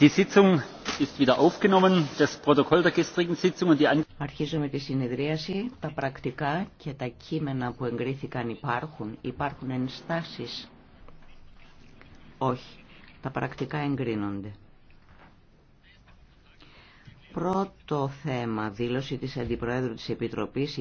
Αρχίζω με Αρχίζουμε τη συνεδρίαση. Τα πρακτικά και τα κείμενα που εγκρίθηκαν υπάρχουν. Υπάρχουν ενστάσεις. Όχι. Τα πρακτικά εγκρίνονται. Πρώτο θέμα, δήλωση της Αντιπροέδρου της Επιτροπής,